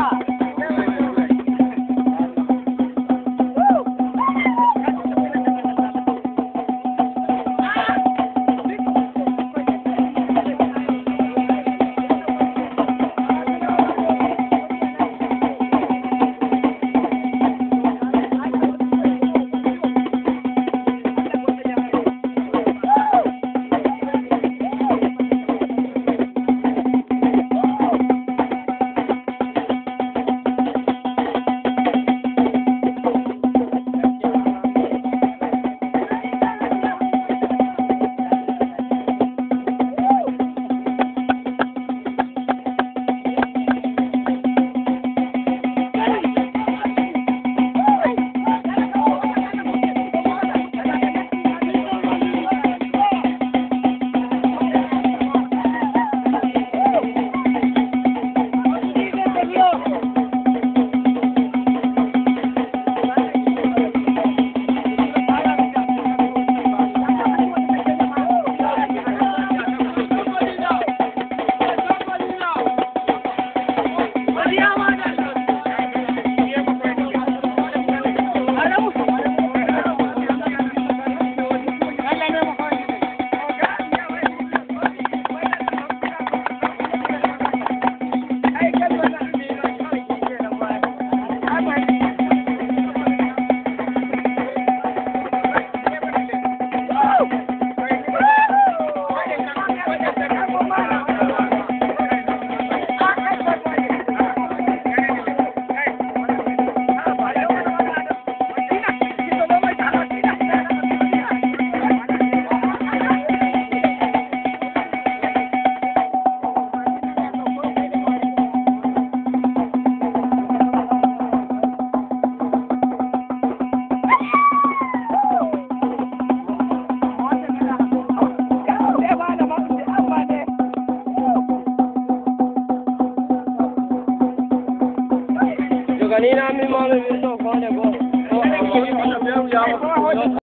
up. ganina mi mano mi to kone go